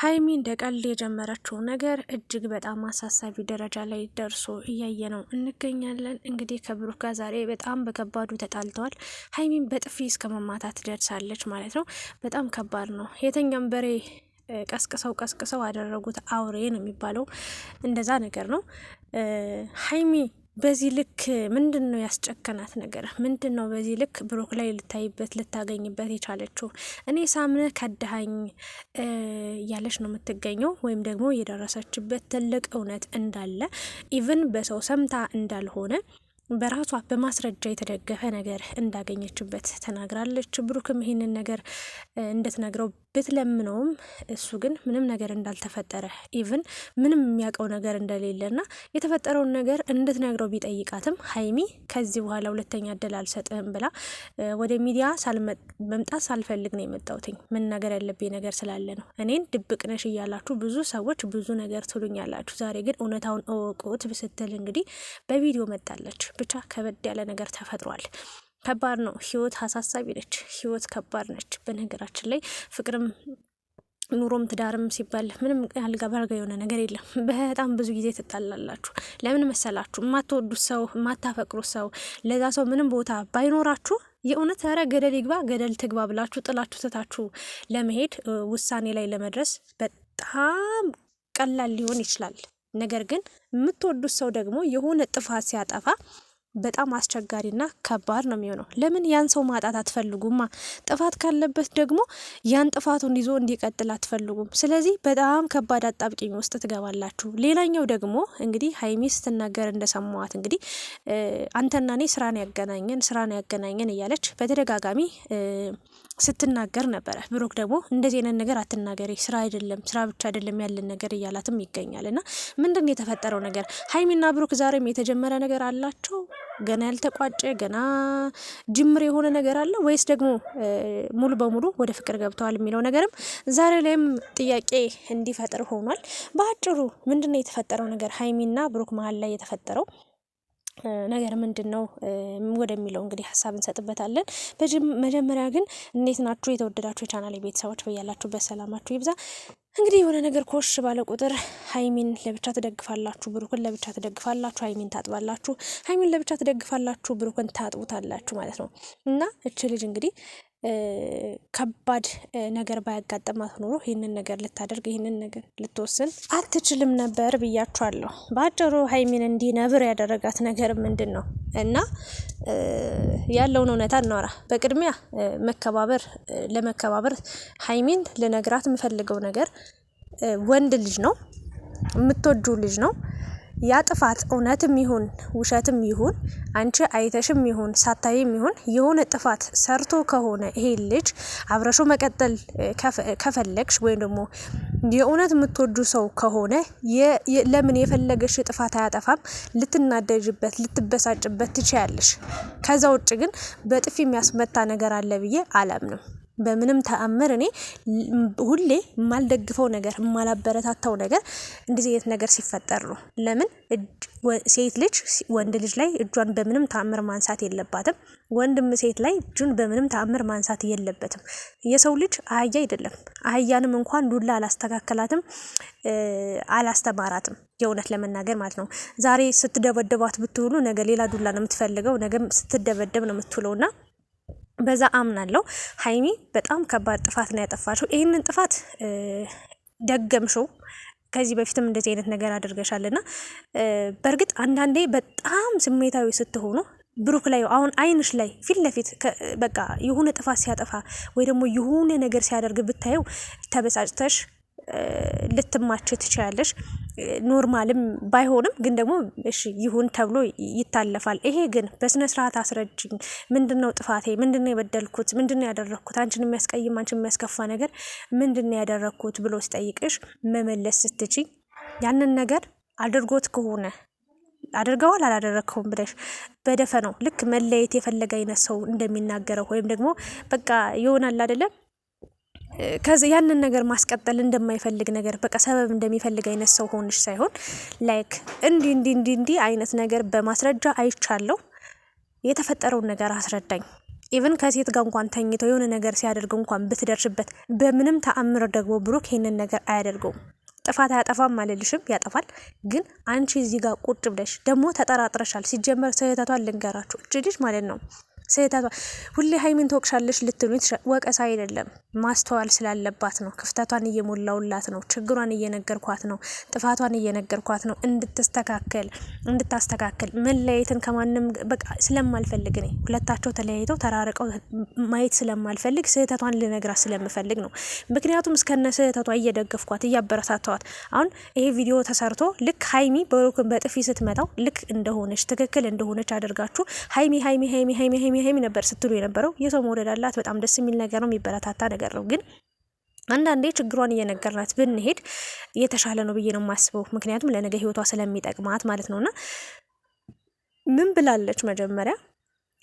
ሀይሚ እንደ ቀልድ የጀመረችው ነገር እጅግ በጣም አሳሳቢ ደረጃ ላይ ደርሶ እያየ ነው እንገኛለን። እንግዲህ ከብሩክ ጋር ዛሬ በጣም በከባዱ ተጣልተዋል። ሀይሚን በጥፊ እስከ መማታት ደርሳለች ማለት ነው። በጣም ከባድ ነው። የተኛም በሬ ቀስቅሰው ቀስቅሰው አደረጉት አውሬ ነው የሚባለው፣ እንደዛ ነገር ነው ሀይሚ በዚህ ልክ ምንድን ነው ያስጨከናት ነገር? ምንድን ነው በዚህ ልክ ብሩክ ላይ ልታይበት ልታገኝበት የቻለችው? እኔ ሳምነ ከድሃኝ እያለች ነው የምትገኘው፣ ወይም ደግሞ የደረሰችበት ትልቅ እውነት እንዳለ ኢቭን በሰው ሰምታ እንዳልሆነ በራሷ በማስረጃ የተደገፈ ነገር እንዳገኘችበት ተናግራለች። ብሩክም ይህንን ነገር እንድትነግረው ብትለምነውም እሱ ግን ምንም ነገር እንዳልተፈጠረ ኢቭን ምንም የሚያውቀው ነገር እንደሌለና የተፈጠረውን ነገር እንድትነግረው ቢጠይቃትም ሀይሚ ከዚህ በኋላ ሁለተኛ እድል አልሰጥህም ብላ ወደ ሚዲያ መምጣት ሳልፈልግ ነው የመጣውትኝ ምን ነገር ያለብኝ ነገር ስላለ ነው። እኔን ድብቅ ነሽ እያላችሁ ብዙ ሰዎች ብዙ ነገር ትሉኛላችሁ። ዛሬ ግን እውነታውን እወቁት ብስትል እንግዲህ በቪዲዮ መጣለች። ብቻ ከበድ ያለ ነገር ተፈጥሯል። ከባድ ነው። ህይወት አሳሳቢ ነች። ህይወት ከባድ ነች። በነገራችን ላይ ፍቅርም ኑሮም ትዳርም ሲባል ምንም አልጋ ባልጋ የሆነ ነገር የለም። በጣም ብዙ ጊዜ ትጣላላችሁ። ለምን መሰላችሁ? የማትወዱት ሰው፣ የማታፈቅሩት ሰው ለዛ ሰው ምንም ቦታ ባይኖራችሁ የእውነት ኧረ ገደል ይግባ ገደል ትግባ ብላችሁ ጥላችሁ ትታችሁ ለመሄድ ውሳኔ ላይ ለመድረስ በጣም ቀላል ሊሆን ይችላል። ነገር ግን የምትወዱት ሰው ደግሞ የሆነ ጥፋት ሲያጠፋ በጣም አስቸጋሪና ከባድ ነው የሚሆነው። ለምን ያን ሰው ማጣት አትፈልጉማ። ጥፋት ካለበት ደግሞ ያን ጥፋቱን ይዞ እንዲቀጥል አትፈልጉም። ስለዚህ በጣም ከባድ አጣብቂኝ ውስጥ ትገባላችሁ። ሌላኛው ደግሞ እንግዲህ ሀይሚ ስትናገር እንደሰማዋት እንግዲህ አንተና እኔ ስራን ያገናኘን ስራን ያገናኘን እያለች በተደጋጋሚ ስትናገር ነበረ። ብሩክ ደግሞ እንደዚህ አይነት ነገር አትናገሪ፣ ስራ አይደለም ስራ ብቻ አይደለም ያለን ነገር እያላትም ይገኛል። እና ምንድን ነው የተፈጠረው ነገር? ሀይሚና ብሩክ ዛሬም የተጀመረ ነገር አላቸው ገና ያልተቋጨ ገና ጅምር የሆነ ነገር አለ ወይስ ደግሞ ሙሉ በሙሉ ወደ ፍቅር ገብተዋል የሚለው ነገርም ዛሬ ላይም ጥያቄ እንዲፈጥር ሆኗል። በአጭሩ ምንድን ነው የተፈጠረው ነገር ሀይሚና ብሩክ መሀል ላይ የተፈጠረው ነገር ምንድን ነው ወደሚለው እንግዲህ ሀሳብ እንሰጥበታለን። መጀመሪያ ግን እንዴት ናችሁ የተወደዳችሁ የቻናል ቤተሰቦች? በያላችሁበት ሰላማችሁ ይብዛ። እንግዲህ የሆነ ነገር ኮሽ ባለ ቁጥር ሀይሚን ለብቻ ትደግፋላችሁ፣ ብሩክን ለብቻ ትደግፋላችሁ፣ ሀይሚን ታጥባላችሁ፣ ሀይሚን ለብቻ ትደግፋላችሁ፣ ብሩክን ታጥቡታላችሁ ማለት ነው እና እች ልጅ እንግዲህ ከባድ ነገር ባያጋጠማት ኖሮ ይህንን ነገር ልታደርግ ይህንን ነገር ልትወስን አትችልም ነበር ብያችኋለሁ። በአጭሩ ሀይሚን እንዲነብር ያደረጋት ነገር ምንድን ነው እና ያለውን እውነታ እናወራ። በቅድሚያ መከባበር፣ ለመከባበር ሀይሚን ልነግራት የምፈልገው ነገር ወንድ ልጅ ነው፣ የምትወጁ ልጅ ነው ያ ጥፋት እውነትም ይሁን ውሸትም ይሁን አንቺ አይተሽም ይሁን ሳታይም ይሁን የሆነ ጥፋት ሰርቶ ከሆነ ይሄ ልጅ አብረሾ መቀጠል ከፈለግሽ ወይም ደግሞ የእውነት የምትወዱ ሰው ከሆነ ለምን የፈለገሽ ጥፋት አያጠፋም። ልትናደጅበት፣ ልትበሳጭበት ትችያለሽ። ከዛ ውጭ ግን በጥፊ የሚያስመታ ነገር አለ ብዬ አላምንም። በምንም ተአምር እኔ ሁሌ የማልደግፈው ነገር የማላበረታታው ነገር እንደዚህ አይነት ነገር ሲፈጠር ነው። ለምን ሴት ልጅ ወንድ ልጅ ላይ እጇን በምንም ተአምር ማንሳት የለባትም። ወንድም ሴት ላይ እጁን በምንም ተአምር ማንሳት የለበትም። የሰው ልጅ አህያ አይደለም። አህያንም እንኳን ዱላ አላስተካከላትም፣ አላስተማራትም። የእውነት ለመናገር ማለት ነው። ዛሬ ስትደበደባት ብትውሉ ነገ ሌላ ዱላ ነው የምትፈልገው፣ ነገ ስትደበደብ ነው የምትውለውና በዛ አምናለው ሀይሚ በጣም ከባድ ጥፋት ነው ያጠፋችው። ይህንን ጥፋት ደገምሽው። ከዚህ በፊትም እንደዚህ አይነት ነገር አድርገሻልና በእርግጥ አንዳንዴ በጣም ስሜታዊ ስትሆኑ ብሩክ ላይ አሁን አይንሽ ላይ ፊት ለፊት በቃ የሆነ ጥፋት ሲያጠፋ ወይ ደግሞ የሆነ ነገር ሲያደርግ ብታየው ተበሳጭተሽ ልትማች ትችላለች። ኖርማልም ባይሆንም ግን ደግሞ እሺ ይሁን ተብሎ ይታለፋል። ይሄ ግን በስነ ስርዓት አስረጅኝ፣ ምንድን ነው ጥፋቴ? ምንድን ነው የበደልኩት? ምንድን ነው ያደረግኩት? አንችን የሚያስቀይም አንችን የሚያስከፋ ነገር ምንድን ነው ያደረግኩት ብሎ ሲጠይቅሽ መመለስ ስትችይ ያንን ነገር አድርጎት ከሆነ አድርገዋል አላደረግከውም ብለሽ በደፈ ነው ልክ መለየት የፈለገ አይነት ሰው እንደሚናገረው ወይም ደግሞ በቃ ይሆናል አይደለም ያንን ነገር ማስቀጠል እንደማይፈልግ ነገር በቃ ሰበብ እንደሚፈልግ አይነት ሰው ሆንሽ ሳይሆን ላይክ እንዲ እንዲ እንዲ እንዲ አይነት ነገር በማስረጃ አይቻለሁ፣ የተፈጠረውን ነገር አስረዳኝ። ኢቨን ከሴት ጋር እንኳን ተኝቶ የሆነ ነገር ሲያደርግ እንኳን ብትደርስበት በምንም ተአምር ደግሞ ብሩክ ይህንን ነገር አያደርገውም። ጥፋት አያጠፋም አልልሽም፣ ያጠፋል። ግን አንቺ እዚህ ጋር ቁጭ ብለሽ ደግሞ ተጠራጥረሻል። ሲጀመር ስህተቷን ልንገራችሁ፣ እች ልጅ ማለት ነው ስህተቷ ሁሌ ሀይሚን ትወቅሻለሽ ልትሉ ወቀሳ አይደለም፣ ማስተዋል ስላለባት ነው። ክፍተቷን እየሞላውላት ነው። ችግሯን እየነገርኳት ነው። ጥፋቷን እየነገርኳት ነው። እንድትስተካከል እንድታስተካከል መለያየትን ከማንም በቃ ስለማልፈልግ እኔ ሁለታቸው ተለያይተው ተራርቀው ማየት ስለማልፈልግ ስህተቷን ልነግራት ስለምፈልግ ነው። ምክንያቱም እስከነ ስህተቷ እየደገፍኳት እያበረታተዋት አሁን ይሄ ቪዲዮ ተሰርቶ ልክ ሀይሚ በጥፊ ስትመታው ልክ እንደሆነች ትክክል እንደሆነች አድርጋችሁ ሀይሚ ሀይሚ ሀይሚ ሀይሚ ሀይሚ ነበር ስትሉ የነበረው የሰው መውደድ አላት። በጣም ደስ የሚል ነገር ነው፣ የሚበረታታ ነገር ነው። ግን አንዳንዴ ችግሯን እየነገርናት ብንሄድ እየተሻለ ነው ብዬ ነው የማስበው። ምክንያቱም ለነገ ህይወቷ ስለሚጠቅማት ማለት ነውና ምን ብላለች መጀመሪያ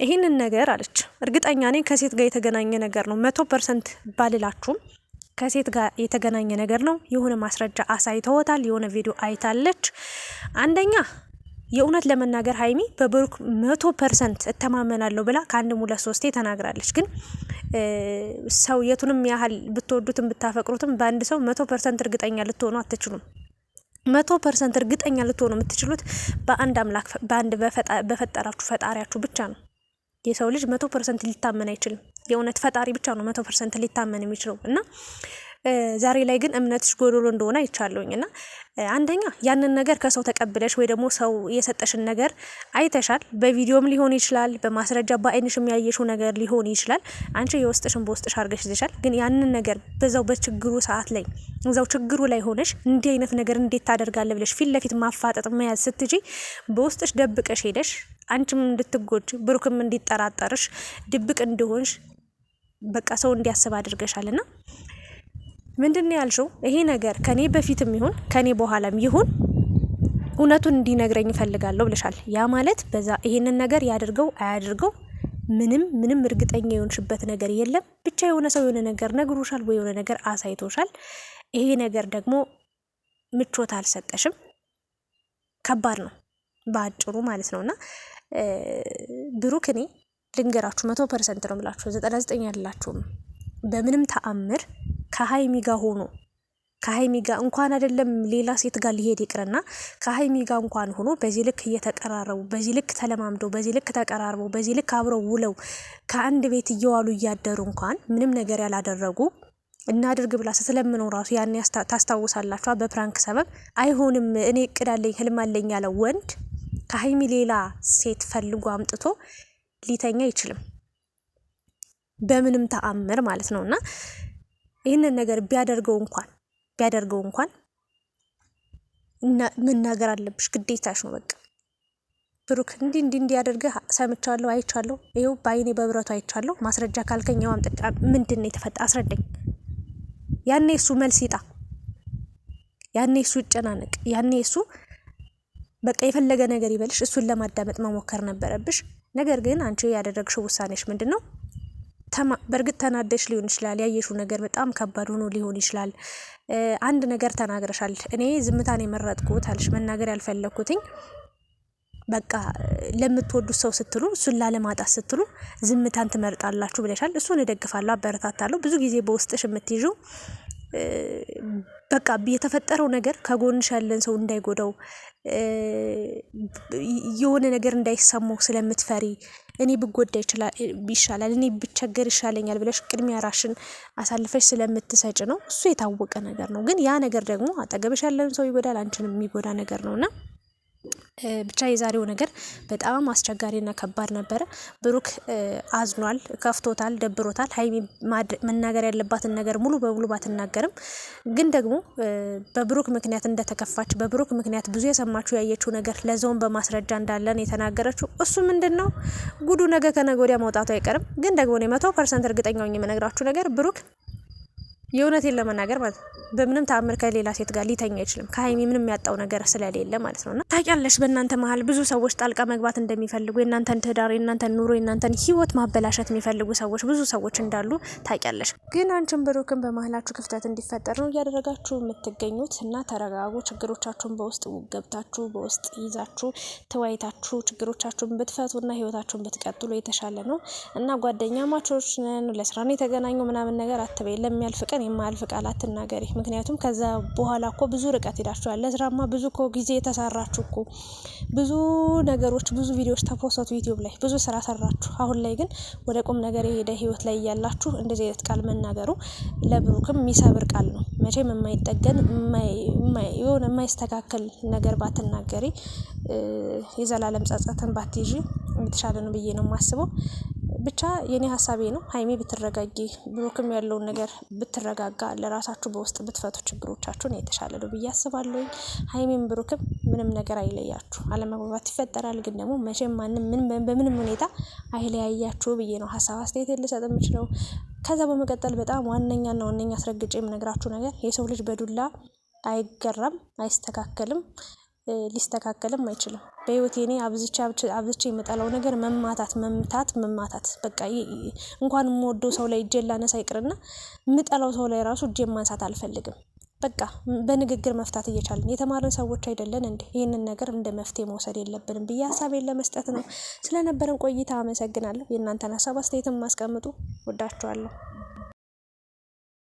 ይህንን ነገር አለች። እርግጠኛ ነኝ ከሴት ጋር የተገናኘ ነገር ነው። መቶ ፐርሰንት ባልላችሁም ከሴት ጋር የተገናኘ ነገር ነው። የሆነ ማስረጃ አሳይተወታል። የሆነ ቪዲዮ አይታለች። አንደኛ የእውነት ለመናገር ሀይሚ በብሩክ መቶ ፐርሰንት እተማመናለሁ ብላ ከአንድ ሁለት ሶስቴ ተናግራለች። ግን ሰው የቱንም ያህል ብትወዱትም ብታፈቅሩትም በአንድ ሰው መቶ ፐርሰንት እርግጠኛ ልትሆኑ አትችሉም። መቶ ፐርሰንት እርግጠኛ ልትሆኑ የምትችሉት በአንድ አምላክ በአንድ በፈጠራችሁ ፈጣሪያችሁ ብቻ ነው። የሰው ልጅ መቶ ፐርሰንት ሊታመን አይችልም። የእውነት ፈጣሪ ብቻ ነው መቶ ፐርሰንት ሊታመን የሚችለው እና ዛሬ ላይ ግን እምነትሽ ጎዶሎ እንደሆነ አይቻለሁኝ እና አንደኛ ያንን ነገር ከሰው ተቀብለሽ ወይ ደግሞ ሰው የሰጠሽን ነገር አይተሻል። በቪዲዮም ሊሆን ይችላል፣ በማስረጃ በአይንሽ የሚያየሽው ነገር ሊሆን ይችላል። አንቺ የውስጥሽን በውስጥሽ አድርገሽ ይዘሻል። ግን ያንን ነገር በዛው በችግሩ ሰዓት ላይ እዛው ችግሩ ላይ ሆነሽ እንዲህ አይነት ነገር እንዴት ታደርጋለ ብለሽ ፊት ለፊት ማፋጠጥ መያዝ ስትጂ በውስጥሽ ደብቀሽ ሄደሽ አንቺም እንድትጎጅ ብሩክም እንዲጠራጠርሽ ድብቅ እንደሆንሽ በቃ ሰው እንዲያስብ ና ምንድን ነው ያልሽው? ይሄ ነገር ከኔ በፊትም ይሁን ከኔ በኋላም ይሁን እውነቱን እንዲነግረኝ እፈልጋለሁ ብለሻል። ያ ማለት በዛ ይሄንን ነገር ያድርገው አያድርገው ምንም ምንም እርግጠኛ የሆንሽበት ነገር የለም። ብቻ የሆነ ሰው የሆነ ነገር ነግሮሻል ወይ የሆነ ነገር አሳይቶሻል። ይሄ ነገር ደግሞ ምቾት አልሰጠሽም። ከባድ ነው በአጭሩ ማለት ነው። እና ብሩክ እኔ ልንገራችሁ መቶ ፐርሰንት ነው ብላችሁ ዘጠና ዘጠኝ ያላችሁም በምንም ተአምር ከሀይሚ ጋር ሆኖ ከሀይሚ ጋር እንኳን አይደለም ሌላ ሴት ጋር ሊሄድ ይቅርና ከሀይሚ ጋር እንኳን ሆኖ በዚህ ልክ እየተቀራረቡ በዚህ ልክ ተለማምደው በዚህ ልክ ተቀራርበው በዚህ ልክ አብረው ውለው ከአንድ ቤት እየዋሉ እያደሩ እንኳን ምንም ነገር ያላደረጉ እናድርግ ብላ ስትለምነው ራሱ ያን ታስታውሳላችኋ። በፕራንክ ሰበብ አይሆንም እኔ እቅዳለኝ ህልማለኝ ያለው ወንድ ከሀይሚ ሌላ ሴት ፈልጎ አምጥቶ ሊተኛ አይችልም በምንም ተአምር ማለት ነው እና ይህንን ነገር ቢያደርገው እንኳን ቢያደርገው እንኳን መናገር አለብሽ፣ ግዴታሽ ነው። በቃ ብሩክ እንዲህ እንዲህ እንዲያደርግህ ሰምቻለሁ፣ አይቻለሁ፣ ይኸው በአይኔ በብረቱ አይቻለሁ። ማስረጃ ካልከኝ ያው አምጥጫ። ምንድን ነው የተፈጠረ? አስረዳኝ። ያኔ እሱ መልስ ይጣ፣ ያኔ እሱ ይጨናነቅ፣ ያኔ እሱ በቃ የፈለገ ነገር ይበልሽ። እሱን ለማዳመጥ መሞከር ነበረብሽ። ነገር ግን አንቺ ያደረግሽው ውሳኔሽ ምንድን ነው? በእርግጥ ተናደሽ ሊሆን ይችላል። ያየሽው ነገር በጣም ከባድ ሆኖ ሊሆን ይችላል። አንድ ነገር ተናግረሻል። እኔ ዝምታን የመረጥኩት አልሽ መናገር ያልፈለግኩትኝ በቃ ለምትወዱት ሰው ስትሉ እሱን ላለማጣት ስትሉ ዝምታን ትመርጣላችሁ ብለሻል። እሱን እደግፋለሁ፣ አበረታታለሁ። ብዙ ጊዜ በውስጥሽ የምትይዥው በቃ የተፈጠረው ነገር ከጎንሽ ያለን ሰው እንዳይጎዳው የሆነ ነገር እንዳይሰማው ስለምትፈሪ እኔ ብጎዳ ይሻላል፣ እኔ ብቸገር ይሻለኛል ብለሽ ቅድሚያ ራሽን አሳልፈሽ ስለምትሰጭ ነው። እሱ የታወቀ ነገር ነው። ግን ያ ነገር ደግሞ አጠገብሽ ያለን ሰው ይጎዳል፣ አንቺንም የሚጎዳ ነገር ነውና ብቻ የዛሬው ነገር በጣም አስቸጋሪና ከባድ ነበረ። ብሩክ አዝኗል፣ ከፍቶታል፣ ደብሮታል። ሀይሚ መናገር ያለባትን ነገር ሙሉ በሙሉ ባትናገርም ግን ደግሞ በብሩክ ምክንያት እንደተከፋች በብሩክ ምክንያት ብዙ የሰማችው ያየችው ነገር ለዘውን በማስረጃ እንዳለን የተናገረችው እሱ ምንድን ነው ጉዱ ነገ ከነገ ወዲያ መውጣቱ አይቀርም። ግን ደግሞ እኔ መቶ ፐርሰንት እርግጠኛ የምነግራችሁ ነገር ብሩክ የእውነቴን ለመናገር ማለት ነው በምንም ተአምር ከሌላ ሴት ጋር ሊተኛ አይችልም። ከሀይሚ ምንም የሚያጣው ነገር ስለሌለ ማለት ነውና ታውቂያለሽ፣ በእናንተ መሀል ብዙ ሰዎች ጣልቃ መግባት እንደሚፈልጉ የእናንተን ትዳር፣ የእናንተን ኑሮ፣ የእናንተን ህይወት ማበላሸት የሚፈልጉ ሰዎች ብዙ ሰዎች እንዳሉ ታውቂያለሽ። ግን አንቺን ብሩክን በመሀላችሁ ክፍተት እንዲፈጠር ነው እያደረጋችሁ የምትገኙት እና ተረጋጉ። ችግሮቻችሁን በውስጥ ገብታችሁ በውስጥ ይዛችሁ ተወያይታችሁ ችግሮቻችሁን ብትፈቱ ብትፈቱና ህይወታችሁን ብትቀጥሉ የተሻለ ነው እና ጓደኛ ማቾች ነን ለስራ ነው የተገናኙ ምናምን ነገር አትበይ። ለሚያልፍ ቀን የማያልፍ ቃል አትናገሪ። ምክንያቱም ከዛ በኋላ እኮ ብዙ ርቀት ሄዳችኋል። ለስራማ ብዙ እኮ ጊዜ ተሰራችሁ እኮ ብዙ ነገሮች፣ ብዙ ቪዲዮዎች ተፖሰቱ ዩቲዩብ ላይ ብዙ ስራ ሰራችሁ። አሁን ላይ ግን ወደ ቁም ነገር የሄደ ህይወት ላይ እያላችሁ እንደዚህ አይነት ቃል መናገሩ ለብሩክም የሚሰብር ቃል ነው። መቼም የማይጠገን የሆነ የማይስተካከል ነገር ባትናገሪ፣ የዘላለም ጸጸትን ባትይዥ የተሻለ ነው ብዬ ነው የማስበው። ብቻ የኔ ሀሳቤ ነው። ሀይሚ ብትረጋጊ፣ ብሩክም ያለውን ነገር ብትረጋጋ፣ ለራሳችሁ በውስጥ ብትፈቱ ችግሮቻችሁን የተሻለ ነው ብዬ አስባለሁ። ሀይሚም ብሩክም ምንም ነገር አይለያችሁ። አለመግባባት ይፈጠራል፣ ግን ደግሞ መቼም ማንም በምንም ሁኔታ አይለያያችሁ ብዬ ነው ሀሳብ አስተያየት ልሰጥ የምችለው። ከዛ በመቀጠል በጣም ዋነኛና ዋነኛ አስረግጬ የምነግራችሁ ነገር የሰው ልጅ በዱላ አይገራም፣ አይስተካከልም። ሊስተካከልም አይችልም። በህይወቴ እኔ አብዝቼ አብዝቼ የምጠላው ነገር መማታት መምታት መማታት በቃ እንኳን የምወደው ሰው ላይ እጄን ላነሳ ይቅርና የምጠላው ሰው ላይ ራሱ እጄን ማንሳት አልፈልግም። በቃ በንግግር መፍታት እየቻለን የተማርን ሰዎች አይደለን እንዴ? ይህንን ነገር እንደ መፍትሄ መውሰድ የለብንም ብዬ ሀሳቤን ለመስጠት ነው። ስለነበረን ቆይታ አመሰግናለሁ። የእናንተን ሀሳብ አስተያየትም ማስቀምጡ። ወዳችኋለሁ።